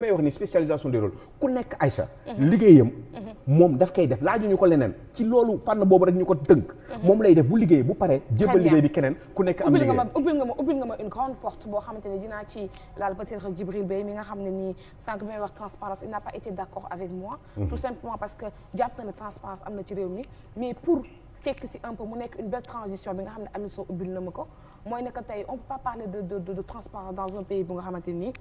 may wax ni spécialisation des rôles ku nekk Aïcha liggéeyam moom daf koy def laajuñu ko leneen ci loolu fànn boobu rek ñu ko tënk moom lay def bu liggéey bu pare jébbal liggéey bi keneen ku nekk am liggéey ubbil nga ma ubbil nga ma une grande porte boo xamante ne dinaa ci laal peut-être Djibril Bey mi nga xam ne nii sànq may wax transparence il n'a pas été d'accord avec moi mhm. tout simplement parce que jàpp ne transparence am na ci réew mi mais pour na ma ko mooy ne que tey on peut pas parler de de dans un pays bu nga xamante ni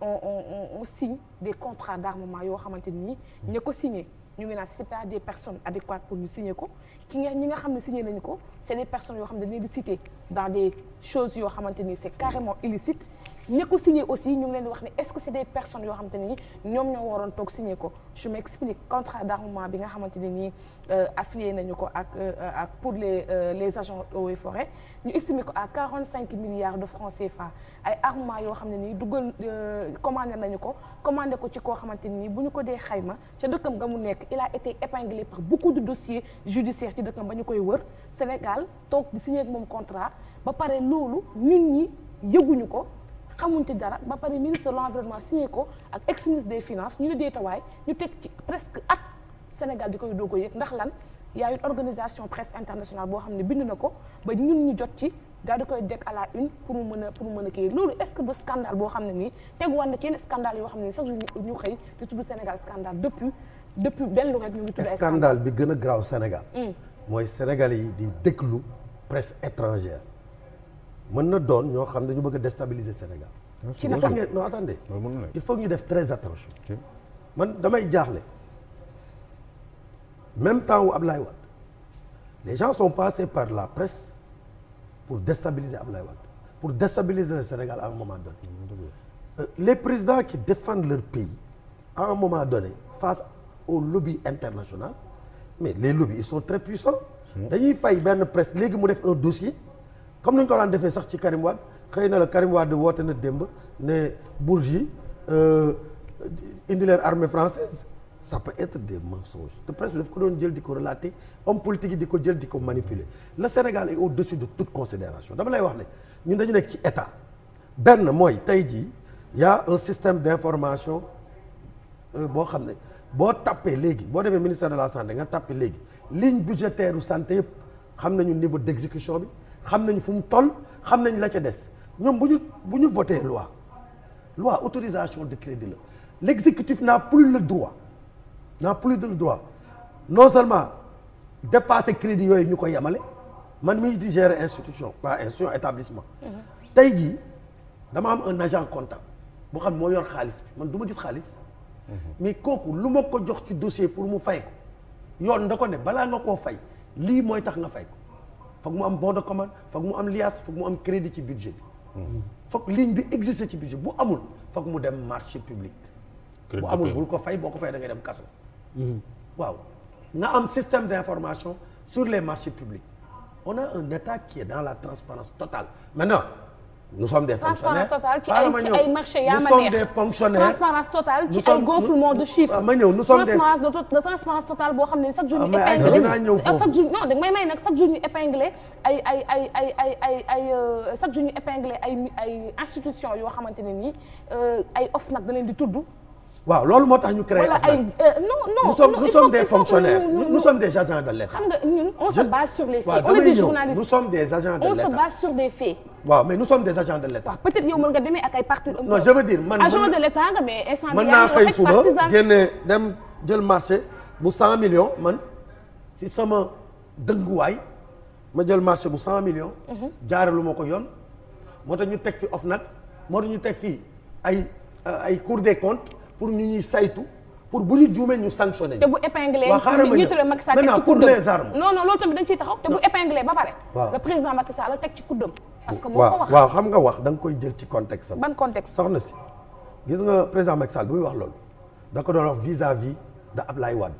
on on on on signe des contrats d'armement yoo xamante ni ña ko signe ñu ngi naan c'est pas des personnes adéquates pour ñu signer ko ki nga ñi nga xam ne signer nañu ko c'est des personnes yoo xam ne dañuy di citer dans des chose yoo xamante ni c'est carrément illicite ña ko signé aussi ñu ngi leen di wax ne est-ce que c'est des personnes yoo xamante ni ñoom ñoo waroon toog signé ko je m'explique contrat d'armement bi nga xamante nii euh, affilié nañu ko ak euh, ak pour les euh, les agents eaux forêts ñu estimé ko a à cinq milliards de francs CFA ay armement yoo xam ne nii duggal commandé nañu ko commandé ko ci koo xamante ni bu ñu ko dee xayma ca dëkkam nga mu nekk il a été épinglé par beaucoup de dossiers ba ñu koy wër Sénégal toog di signé moom contrat ba pare loolu ñun ñi yëguñu ko xamuñ ci dara ba pare ministre de l'environnement signé ko ak ex ministre des finance ñu ne tawaay ñu teg ci presque at Sénégal di koy doog a yëg ndax lan y a une organisation presse internationale boo xam ne bind na ko ba ñun ñu jot ci daal di koy dégg à la une pour mu mën a pour loolu est-ce que ba scandale boo xam ne nii teguwaat na ci yenn scandale yoo xam ne nii chaque jour ñu xëy di tudd Sénégal scandale depuis depuis gën a garaaw Sénégal hmm. mooy Sénégalais yi di déglu presse étrangère mën na doon ñoo xam ne dañu bëgg a déstabiliser Sénégal. Ah, ci na ngeen non attendez. il faut ñu def très attention. man damay jaaxle même temps wu Ablaye Wade les gens sont passés par la presse pour déstabiliser Ablaye Wade pour déstabiliser le Sénégal à un moment donné. Euh, les présidents qui défendent leur pays à un moment donné face au lobby international mais les lobbies ils sont très puissants. Hmm. dañuy fay benn presse léegi mu def un dossier. comme ni ñu ko daan defee sax ci Karim Wade xëy na la Karim Wade woote na démb ne Bourgi euh, indi leen armée française ça peut être des mensonges te presse daf ko doon jël di ko relater homme politique yi di ko jël di ko manipuler le Sénégal au-dessus de toute considération dama lay wax ne ñun dañu nekk ci état benn mooy tey jii yaa un système d'information euh, boo xam ne boo tappee léegi boo demee ministère de la santé nga tappee léegi ligne budgétaire u santé yëpp xam nañu niveau d'exécution bi xam nañu fu mu toll xam nañ la ca des ñoom bu ñu bu ñu voté loi loi autorisation de crédit la l'exécutif n'a plus le droit n'a plus le droit non seulement dépasser crédit yooyu ñu koy yemale man mii di gere institution pas institution établissement mhm. tey jii dama am un agent comptable boo xam moo yor xaalis bi man du ma gis xaalis mhm. mais kooku lu ma ko jox ci dossier pour mu fay yoon da ko ne balaa nga koo fay lii mooy tax nga fay foog mu am bon de commande foog mu am liasse foog mu am crédit ci budget bi hmm. foog ligne bi exister ci budget bu amul foog mu dem marché public bu amul bul ko fay boo ko fay da ngay dem kaso hmm. waaw nga am système information sur les marché publics on a un état qui dans la transparence totale maintenant nous sommes des fonctionnaires transparence totale ci ay marché yaa ma neex nous sommes des fonctionnaires transparence totale ci ay gonflement de chiffre. Ah, ma ñëw nous sommes des de transparence totale boo xam ne chaque jour ñu ah, épinglé chaque jour non da may may nag chaque jour ñu épinglé ay ay ay ay ay ay ay euh, chaque jour ñu épinglé ay ay institution yoo xamante ne nii euh, ay off nag da leen di tudd. waaw loolu moo tax ñu créé voilà ay euh, non non nous sommes nous sommes des fonctionnaires nous sommes des agents de l'État. xam nga ñun on se base sur les faits. on est des journalistes on se base sur des faits. waaw mais nous sommes des agents de l' état. waaw peut-être yow mën nga demee ak ay parti. non man dem jël marché bu 100 millions man si sama dënguwaay ma jël marché bu 100 millions. Mhm. jaaralu ma ko yoon. moo tax ñu teg fi nag moo tax ñu teg fi ay euh, ay cour des comptes pour ñu ñuy saytu. pour bu ñu juumee ñu sanctionné. te bu épinglé ñu tuddee Macky Sall teg ci kuddam maintenant non non loolu tamit dañ ciy taxaw te bu épinglé ba pare. waaw le président Macky la teg ci kuddam. parce que waaw xam nga wax da koy jël ci contexte am. ban contexte soxna si gis nga président Macky Sall bu wax lool da ko doon wax vis-à-vis de Ablaye Wade.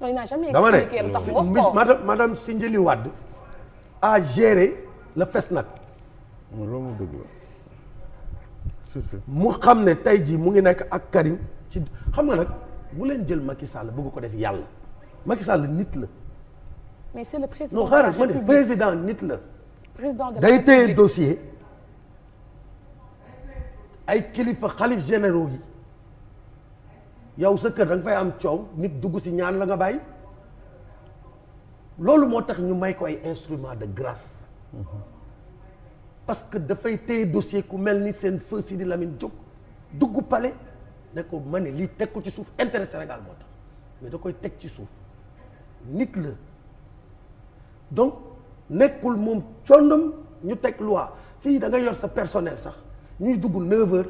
non il n'a jamais expliqué lu tax mu wax ko madame madame Sindiély Wade a géré le FESNAC. loolu mu xam ne tey jii mu ngi nekk ak Karim ci xam nga nag bu leen jël Macky Sall bugg ko def yàlla Macky Sall nit la. mais c'est le président non xaaral ma ne président nit la. président day téye dossier ay kilifa xalif généraux yi yow sa kër da fay am coow nit dugg si ñaan la nga bàyyi loolu moo tax ñu may koy ay instrument de grâce parce que dafay téye dossier ku mel ni seen feu Sidi lamin jóg dugg pale ne ko ma ne lii teg ko ci suuf intérêt Sénégal moo tax mais da koy teg ci suuf nit la donc nekkul moom condom ñu teg loi fii da nga yor sa personnel sax ñuy dugg 9 heures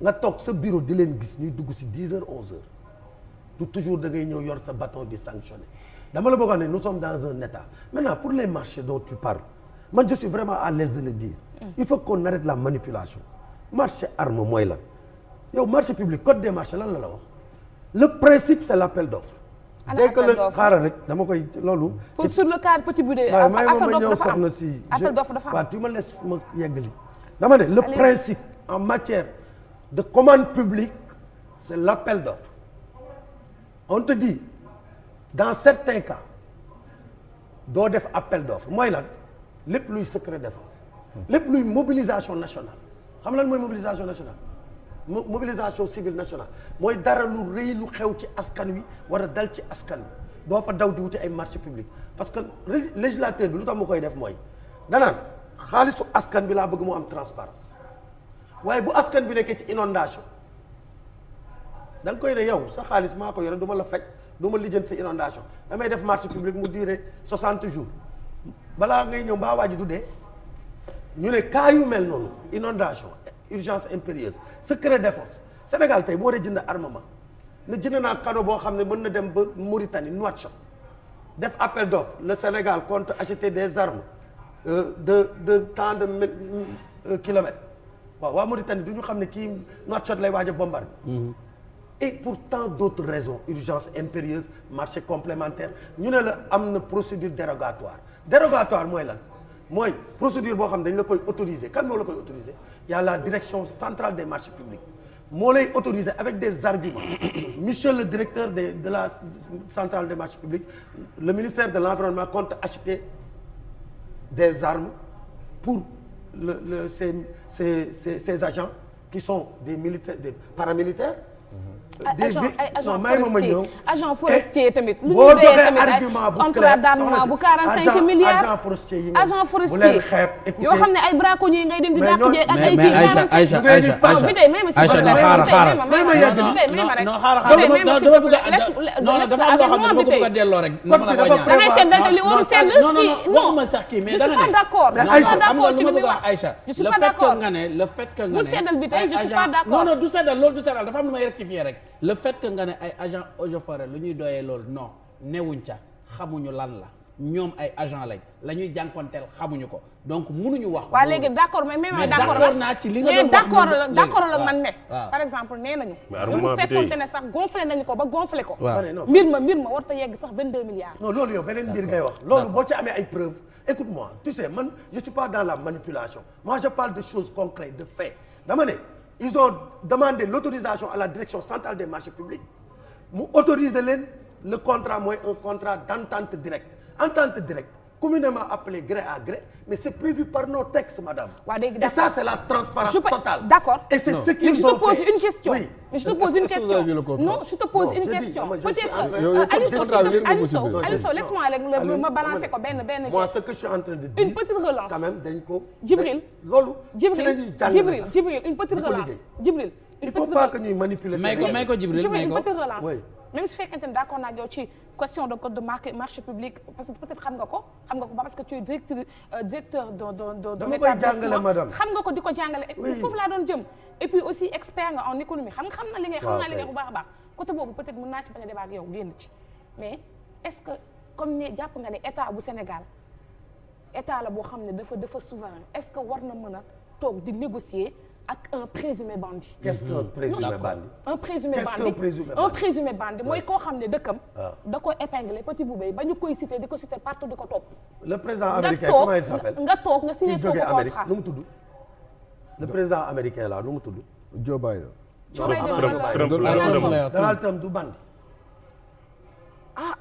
nga toog sa bureau di leen gis ñuy dugg si 10 heures 11 heures du toujours da ngay ñëw yor sa bâton di sanctionner dama la bëgg a ne nous sommes dans un état maintenant pour les marché dont tu parles man je suis vraiment à l'aise de le dire. Mm. il faut qu'on arrête la manipulation. marché arme mooy lan yow marché public code des marché lan la la wax le principe c'est l'appel d'offres dès que le xaaral rek dama koy loolu. pour sur le cadre petit bout de. waaw ma ñëw na si appel d'offre dafa am waaw tu ma laisse ma yeggali. dama ne le principe en matière de commande publique c'est l'appel d'offre on te dit dans certains cas doo def appel d'offre mooy lan lépp luy secret défense hmm. lépp luy mobilisation nationale xam lan mooy mobilisation nationale. mobilisation civile national mooy dara lu rëy lu xew ci askan wi war a dal ci askan wi doo fa daw di wuti ay marché public parce que législateur bi lu tax mu koy def mooy danaan xaalisu askan bi laa bëgg moo am transparence waaye bu askan bi nekkee ci inondation da koy ne yow sa xaalis maa ko yore du ma la faj du ma lijjanti sa inondation damay def marché public mu diire 60 jours balaa ngay ñëw mbaa waa du dee ñu ne kaayu mel noonu inondation urgence impérieuse secret défense Sénégal tey boo dee jënd armement ne jënd naa cadeau boo xam ne mën na dem ba Mauritanie Nouakchott def appel d'offre le Sénégal contre acheter des armes euh, de de tant de euh, kilomètres waaw waa Mauritanie du ñu xam ne kii Nouakchott lay waaj a bombarde mm-hmm. et pour temps d'autres raisons urgence impérieuse marché complémentaire ñu ne la am na procédure dérogatoire dérogatoire mooy lan mooy procédure boo xam dañ la koy autoriser kan moo la koy autoriser y la direction centrale des marchés publics moo lay autoriser avec des arguments monsieur le directeur de de la centrale des marchés publics le ministère de l'environnement compte acheter des armes pour le le ces ces ces agents qui sont des militaires des paramilitaires Euh, agent agent forestier agent forestier tamit. lu ñu dee tamit ay contrat d'armement bu 45 milliards agent forestier yi agent forestier yoo xam ne ay braconnier ngay dem di dàq jeeg ak ay kii 45 mais mais Aïcha Aïcha Aïcha non xaaral xaaral may ma yegg non xaaral xaaral non dafa am loo xam ne dama ko bëgg a delloo rek. da ngay seet da li waru seet kii non je suis pas d'accord je suis pas d'accord ci li muy wax je suis pas d'accord le fait que nga ne le fait que nga ne bu seddal bi tey je suis pas d'accord non non du seddal loolu du seddal dafa am lu may rectifier rek le fait que nga ne ay agent eaux et forêt lu ñuy doyee loolu non newuñ ca xamuñu lan la ñoom ay agent lañ la ñuy jànkonteel xamuñu ko donc mënuñu wax. waaw léegi d' accord mais même d' accord naa ci li nga doon wax mais nee nañu. mais argument fekkonte ko ba ko. mbir ma mbir ma warut a yegg sax 22 milliards. non loolu yow beneen mbir ngay wax. loolu boo ci amee ay preuves. écoute man je suis la manipulation moi je parle de choses concrètes de faits dama ne. ils ont demandé l'autorisation à la direction centrale des marchés publics mu autoriser leen le contrat mooy un contrat d'entente directe entente directe communément appelé gré à gré mais c'est prévu par nos textes madame. et c'est la transparence totale. d'accord et c'est ce qu'ils ont fait une question. non je te pose une question peut-être. Euh, Aliou Sow Aliou Sow Aliou Sow laisse-moi rek ma que je suis en train de une petite relance quand même une petite relance. Djibril une petite relance il faut une petite relance. même su fekkente ne d'accord naa ak yow ci question de code de marché marché public parce que peut xam nga ko ko parce que tu es directeur euh, directeur de de de. jàngale madame xam nga ko di ko jàngale. foofu nga en économie xam nga xam bu a baax. a débat ak yow que comme ne jàpp nga ne état bu Sénégal état la boo xam ne dafa dafa souverain est-ce que war na mën toog di négocier. ak un présumé bandit. qu'est-ce qu'un mm-hmm. présumé bandit. un mooy koo xam ne m ah. da ko épinglé petit boubé ba ñu koy cité di ko cité partout di ko topp. le président américain comment il s'appelle nga toog nga signé ko contrat nu mu tudd. le président mu tudd. Joe Biden. Joe Biden Donald Trump du bandit. ah.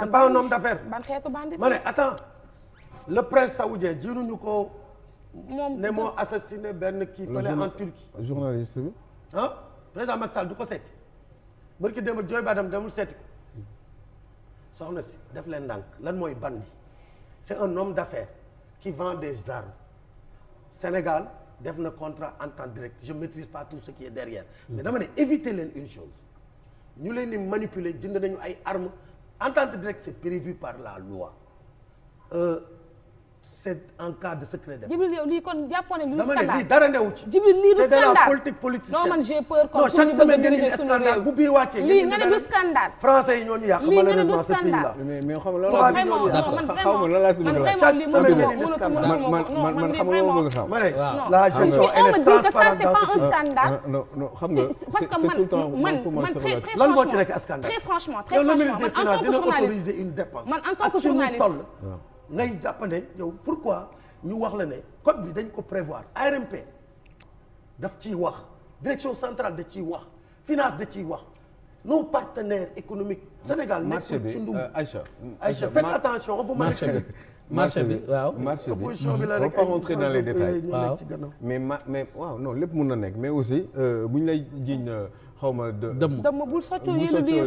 c'est pas un homme d'affaires. ban xeetu bandit. ma ne attends le prince saoudien jiinuñu ko. moom ne moo assassiné benn kii fële en Turquie. journaliste bi. ah président Macky Sall du ko seeti barki démb jooy baadam demul seeti ko soxna si def leen ndànk lan mooy bandi c'est un homme d'affaires qui vend des armes Sénégal def na contrat en temps direct je maîtrise pas tout ce qui est derrière. mais dama ne éviter leen une chose ñu leen di manipuler jënd nañu ay armes en temps direct c'est prévu par la loi. Euh, c'est en cas de secret défense. Djibril yow lii kon jàppoon ne lii scandale lii dara newu ci. Djibril lii du scandale c'est de la politique politicienne. non man j'ai peur comme pour ñu bëgg a diriger suñu réew bu bii wàccee. lii nga ne du scandale. français yi ñoo ñu yàq malheureusement ce pays là. mais mais xam nga loolu laa ñu d'accord xaw ma loolu laa suñu réew. chaque semaine nga ni scandale man man man man xam nga moom bëgg xam. ma ne la gestion elle est oh, transparente dans ce pays. Euh, non non xam nga c'est tout le temps man man très très franchement lan moo ci nekk scandale. très franchement très franchement man en tant que journaliste man en tant que journaliste. ngay jàppande yow pourquoi ñu wax la ne code bi dañ ko prévoir ARMP daf ciy wax direction centrale da ciy wax finance da ciy wax nos partenaires économiques Sénégal nekkul ci ndum euh, Aïcha Aïcha faites attention a marché bi marché bi waaw marché bi opposition bi la rek on rentre dans les lépp mun na nekk mais aussi euh, bu ñu lay jiiñ euh, xaw ma dë. dëmm dëmm bul soccoo yelu liir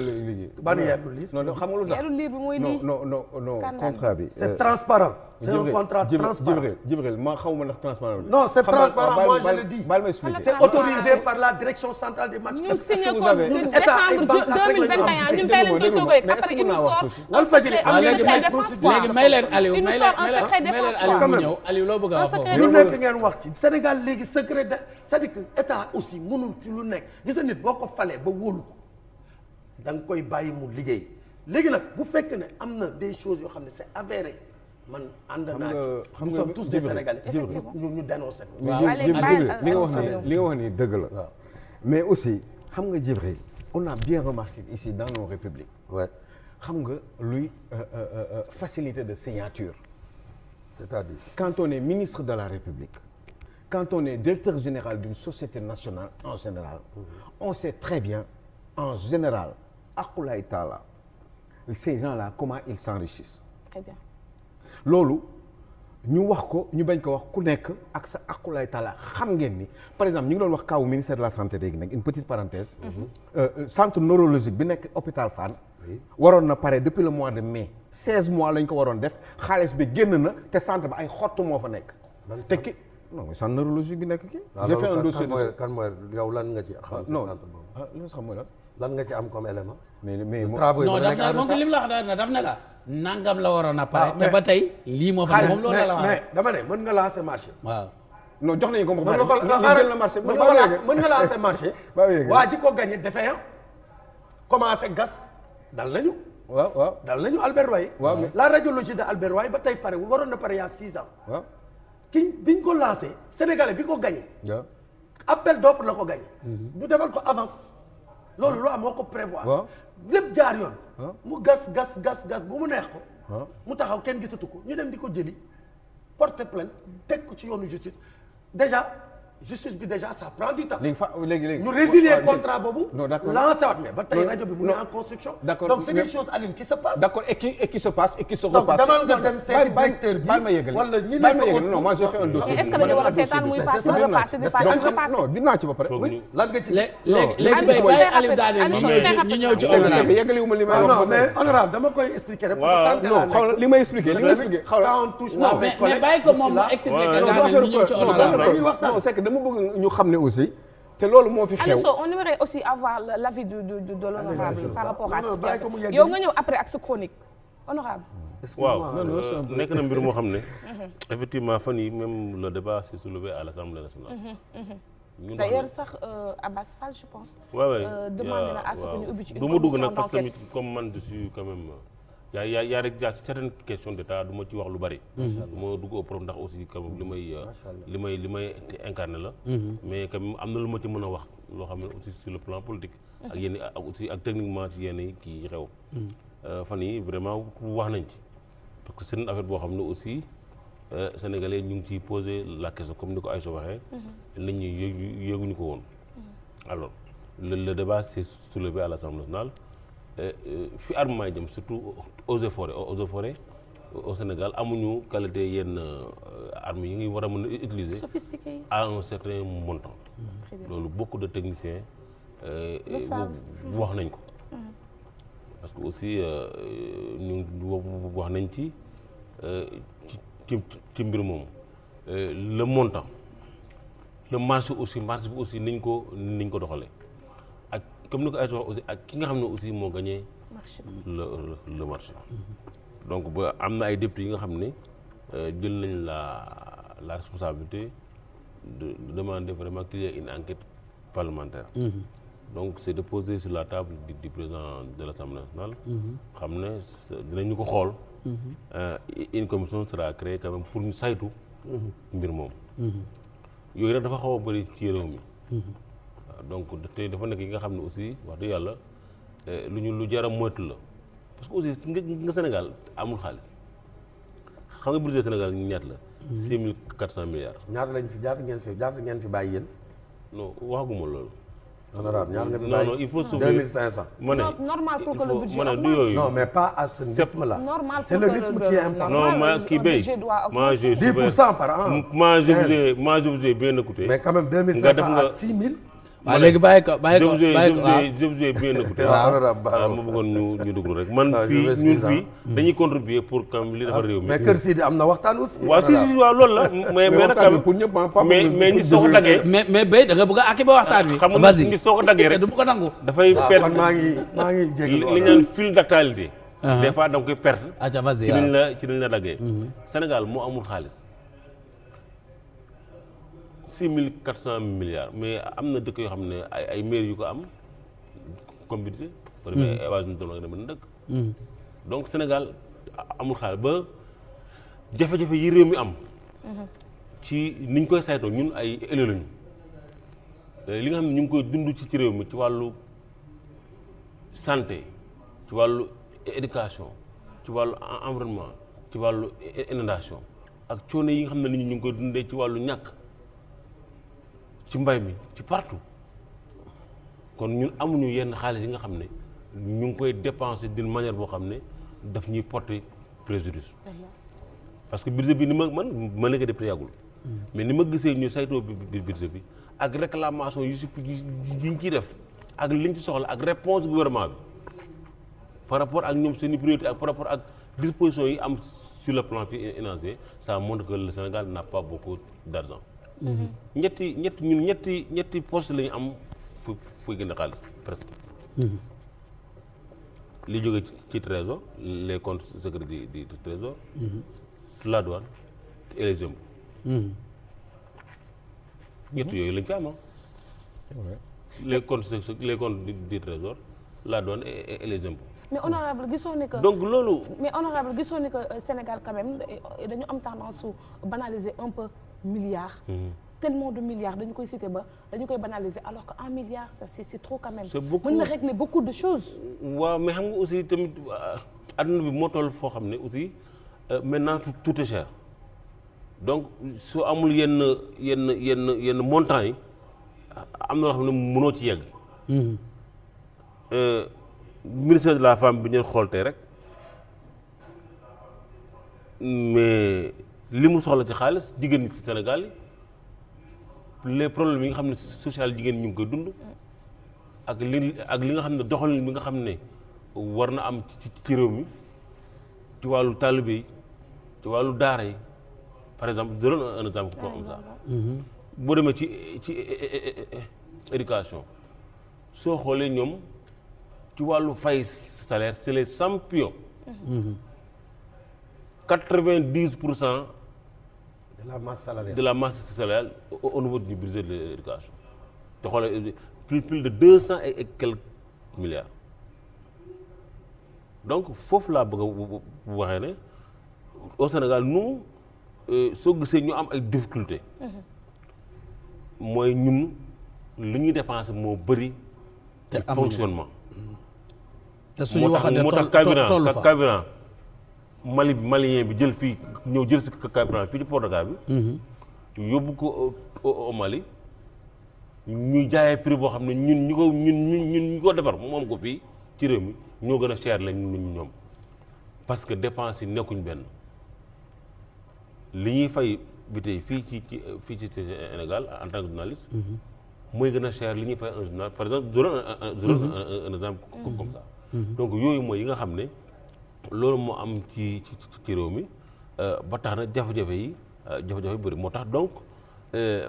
ban yelu liir non xam nga lu tax yelu liir bi mooy lii. non non non contrat bi. c'est euh, transparent. c'est un contrat transparent Jibril Jibril ma xaw ma ndax transparent non c'est transparent moi je le dis. baal ma expliquer c'est autorisé par la direction centrale des matchs. est-ce que vous avez ñun signé ko décembre deux mille vingt et un ñun tey lañ koy soog a yegg après il nous sort. wala fajiri ah, am léegi may léegi may leen Aliou may leen may leen Aliou mu ñëw Aliou loo bëgg a wax foofu. lu nekk ngeen wax ci Sénégal léegi secret de c'est-à-dire que état aussi mënul ci lu nekk gis nga nit boo ko ko ba wóolu ko da nga koy bàyyi mu liggéey léegi nag bu fekk ne am na des chose yoo xam ne se avéré man ànd naa ci nous sommes tous des Sénégalais ñu ñu dénoncé ko li nga wax euh, ni li nga wax ni dëgg la mais aussi xam nga Djibril on a bien remarqué ici dans nos républiques xam nga luy euh, euh, facilité de signature c'est-à-dire quand on est ministre de la République quand ne est directeur général du société nationale en général on sait très bien en général aqulaay taala ces gens-là comment ils s'enrichissent très bien loolu ñu wax ko ñu bañ ko wax ku nekk ak sa aqulaay taala xam ngeen ni par exemple ñu ngi doon wax kaw ministère de la santé léegi nag une petite parenthèse mhm. euh, euh, centre neurologique bi nekk hôpital Fann waroon na pare depuis le mois de mai seize mois lañ ko waroon def xaalis bi génn na te centre ba ay xott moo fa nekk non mooy centre neurologique bi nekk kii. Ah, j'ai fait un dossier de kan mooy yow lan nga ci ah, xam. non non ah, xam mooy lan. lan nga ci am comme élément. mais mais travaux yi daf na moom lim la wax na daf na la. nangam la waroon a pare. te ba tey lii moo fa moom loolu la la mais dama ne mën nga lancer marché. waaw non jox nañu ko. mën nga ko mën marché mën nga lancer marché. waa ji ko gagné defee commencé gas dal nañu. waaw waaw dal nañu Albert Roy. waaw la radiologie de Albert Roy ba tey pare waroon na pare il y a six ans. waaw ki biñ ko lancé sénégalais bi ko gagné. appel d'offre la ko gagné. Mm-hmm. ñu defal ko avance. loolu loo am moo ko prévoir. lépp jaar yoon. mu gas gas gas gas bu mu neex ko. mu taxaw kenn gisatu ko ñu dem di ko jëli porte plainte teg ko ci yoonu justice déjà. justice bi déjà ça prend du temps. léegi fa léegi léegi ñu résilier ah, contrat boobu. non d'accord lancé waat mais ba tey rajo bi mu ngi en construction. d'accord donc c'est des choses Aline qui se passe. d'accord et qui et qui se passe et qui se repasse. donc demal nga dem seeti directeur bi baal ma yëgal wala ñi nekk ko non moi j'ai fait un dossier. mais est-ce que dañu war a seetaan muy passe muy repassé di passe repassé. non dinaa ci ba pare oui. lan nga ci léegi léegi bay bay Aline daane ñu ñëw ci honorable yëgaliwuma li may ah, wax. non mais honorable dama koy expliquer rek. parce que non xaw li may expliquer li may expliquer xaw la. mais bàyyi ko moom mu expliquer dama bëgg ñu xam ne aussi. te loolu moo fi xew Aliou Sow on aimerait aussi avoir l'avis du du du de l'honorable par rapport à yow nga ñëw après ak chronique honorable waaw euh, euh, nekk na mbir moo xam ne. Mhm. effectivement fan yi même le débat s'est soulevé à l'Assemblée nationale. Mhm, mhm. d'ailleurs sax Abbas euh, Fall je pense. waaw na à du ma dugg nag comme man je suis quand même. yaa yaa yaa rek yaa certaines questions d'état du ma ci wax lu bari. du ma dugg au prof ndax aussi quand euh, li may. li may li may la. Mm-hmm. mais quand même am na lu ma ci mën a wax loo xam ne aussi sur le plan politique. ak yenn ak aussi ak techniquement ci yenn mm-hmm. euh, vraiment wax nañ ci parce que c'est affaire boo xam ne aussi euh, sénégalais ñu ngi ciy posé la question comme ni ko Aïssa waxee. Mm-hmm. nit ñi yëgu yëguñu ko woon. alors le le débat s'est soulevé à l'Assemblée nationale. Euh, euh, fi armement jëm surtout eaux et forêt eaux et forêt au Sénégal amuñu qualité yenn euh, armes yi ngi war a mën utiliser en un certain montant loolu beaucoup technicien techniciens wax nañ ko parce que aussi ñu wax nañ ci ci ci mbir moomu le montant le marché aussi marché bi aussi niñ ko niñ ko doxalee comme ni ko ay aussi ak ki nga xam ne aussi moo gagné. le le marché. donc ba am na ay députés yi nga xam ne euh, jël nañ la la responsabilité de demander vraiment qu'il y ait une enquête parlementaire. Mm-hmm. donc c' est déposé sur la table di di président de l' assemblée nationale. Mm-hmm. xam ne ñu ko xool. Mm-hmm. Euh, une commission sera créée quand même pour ñu saytu. mbir moom. yooyu nag dafa xaw a bëri ci réew mi. donc te dafa nekk yi nga xam ne aussi wax dëgg yàlla eh, lu ñu lu jar a moytu la parce que aussi nga Sénégal amul xaalis xam nga budget Sénégal ñaat la. Mhm. six mille quatre cent milliards. ñaata lañ fi ñaata ngeen fi ñaata ngeen fi bàyyi yéen. non waxaguma loolu. honorable ñaar nga fi bàyyi non non il faut sauver deux mille cinq cent. ma ne normal pour que le budget mais pas à ma kii béy ma je. dix pour cent par an. ma je vous waaw léegi bàyyi ko bàyyi ko bàyyi ah, ma bëggoon ñu ñu déglu rek man fii ñun fii dañuy contribuer pour kam li dafa am na waxtaan aussi waaw si la mais mais nag pour ñëpp mais mais nit soo ko daggee mais mais béy da nga bëgg a akiba waxtaan bi xam nga nit soo ko daggee rek du ko nangu dafay perte maa ngi maa ngi jégalu li ñu naan fil d'actualité uh-huh. des fois da nga koy perte ci dañ la ci dañ la daggee mm-hmm. Sénégal moo amul xaalis six mille quatre cent milliards mais am na dëkk yoo xam ne ay ay maires yu ko am compétition. ba demee évasion doon ak mën mm. ba jafe-jafe yi réew mi am. Mm-hmm. ci niñ koy saytoo ñun ay élèves lañu li nga xam ne ñu ngi koy dund ci ci réew mi ci wàllu santé ci wàllu éducation ci wàllu environnement ci wàllu inondation ak coono yi nga xam ne nit ñu ngi koy dundee ci wàllu ñàkk. ci mbay mi ci partout kon ñun amuñu yenn xaalis yi nga xam ne ñu ngi koy dépenser d'une manière boo xam ne daf ñuy porter préjudice parce que budget bi ni ma man ma nekk député yàggul mais ni ma gisee ñu saytoo bi budget bi ak réclamation yu si yi ñu ciy def ak liñ ci soxla ak réponse gouvernement bi par rapport ak ñoom seen i priorité ak par rapport ak dispositions yi am sur le plan financier ça montre que le Sénégal n'a pas beaucoup d'argent Mm-hmm. ñetti ñetti ñun ñetti ñetti poste la am fu fuy gën xaalis presque mm-hmm. li jóge ci trésor les comptes secrets du mm-hmm. ah. trésor la douane et les impôts yooyu lañ ci am les comptes les trésor la douane et les impôts mais honorable gisoo ni que donc loolu mais honorable gisoo ni que euh, Sénégal quand euh, dañu am tendance su banaliser un peu milliards. Hmm. tellement de milliards dañu koy citer ba dañu koy banaliser alors que un milliard ça c'est c'est trop quand même. mën na régler beaucoup de choses. waaw mais xam nga aussi tamit euh, adduna bi moo toll foo xam ne aussi euh, maintenant tout tout est cher donc soo amul yenn yenn yenn yenn montants yi am na loo xam ne mënoo ci yegg. Hmm. Euh, ministre de la femme bi ñu xool tey rek li mu soxla ci xaalis jigéen ñi ci Sénégal yi les problèmes yi nga xam ne social jigéen ñu ngi koy dund ak li ak li nga xam ne doxalin bi nga xam ne war na am ci ci réew mi ci wàllu taalibe yi ci wàllu daara yi par exemple je donne un exemple comme mm-hmm. boo demee ci ci e, e, e, éducation soo xoolee ñoom ci wàllu fay salaire c'est les champions mm-hmm. de la masse salariale de la masse salariale au, au niveau du budget de l'éducation te xoolee plus plus de deux cent et quelques milliards donc foofu laa bëgg a waxee ne au Sénégal nous euh, soo gisee ñu am ay difficultés. Mm-hmm. mooy ñun li ñuy dépenser moo bëri. te fonctionnement. Mm-hmm. te suñu waxante moo tax moo Mali malien bi jël fii ñëw jël si Cap Vert fii ci Port de Dakar bi. Mhm. yóbbu ko euh, au Mali ñu jaayee prix boo xam ne ñun ñu ko ñun ñun ñu ko defar moom ko fii ci réew mi ñoo gën a cher la ñu ñoom parce que dépense yi nekkuñ benn li ñuy fay bi tey fii ci euh, fii ci Sénégal en tant que journaliste. Mhm. mooy gën a cher li ñuy fay un journal par exemple je donne un mhm. exemple comme ça. donc yooyu mooy yi nga xam ne. loolu moo am ci ci ci réew mi euh, ba tax na jafe-jafe yi euh, jafe-jafe yu bëri moo tax donc euh,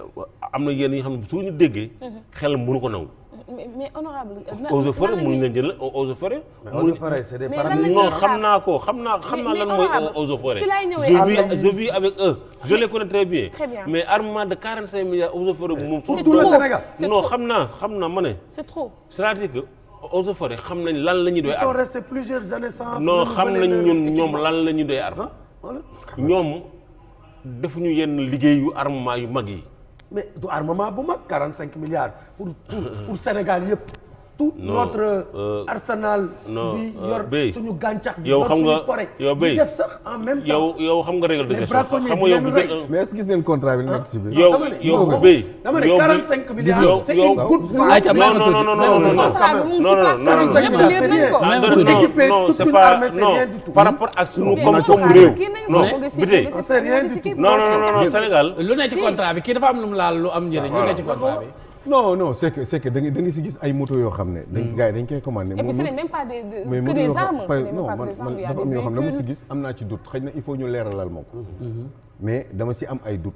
am na yenn yi xam ne su ñu déggee. Mhm. xel mënu ko nangu. mais honorable eaux et forêt mu ngi leen jël eaux et xam naa ko xam naa xam naa lan mooy eaux et forêt. je vis je vis mais armement de 45 milliards eaux et forêt moom. c'est trop non xam naa xam naa ma ne. c'est trop cest eaux et forêt xam nañ lan la ñuy doy. arme ils sont restés plusieurs années sans. non xam nañ ñoom lan la ñuy doy arme. Ah, ñoom defuñu yenn liggéeyu armement yu mag yi. mais du armement bu mag 45 milliards pour pour Sénégal yëpp. tout euh, notre arsenal bi euh, yor suñu gàncax bi yow xam nga yow béy def sax en même temps yow nga règle de gestion xam nga yow mais gis ngeen contrat bi nekk ci biir yow yow béy dama ne 45 milliards c'est une goutte non non non non non non non c'est pas non par rapport ak suñu koom-koomu réew lu ne ci contrat bi kii dafa am lu mu laal lu am njëriñ lu ne ci contrat non non c' est que c' est que da si gis ay moto yoo xam ne. dañ hmm. gars yi dañ koy commandé. et puis ce n' est même yoo xam ne mu si gis am naa ci doute xëy na il faut ñu ko. Hmm. Hmm. mais dama si am ay doute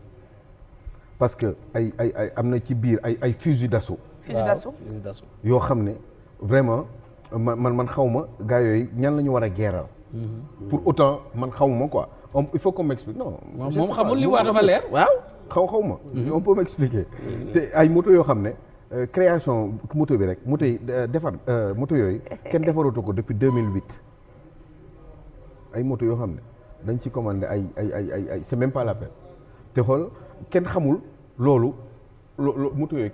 parce que ay ay ay am na ci biir ay ay fusil d' assaut. fusil d' assaut yoo xam ne vraiment man man man xaw ma gars yooyu ñan la ñu war a geeral. pour autant man xaw ma quoi il faut qu' explique non. moom xamul li war dafa leer xaw xaw ma. Mhm. on peut m'expliquer. Mhm. te ay moto yoo xam ne. Euh, création moto bi rek moto yi euh, defar euh, moto yooyu kenn defaratu ko depuis 2008 ay moto yoo xam ne dañ ci commandé ay ay ay ay ay c'est même pas la peine te xool kenn xamul loolu moto yooyu.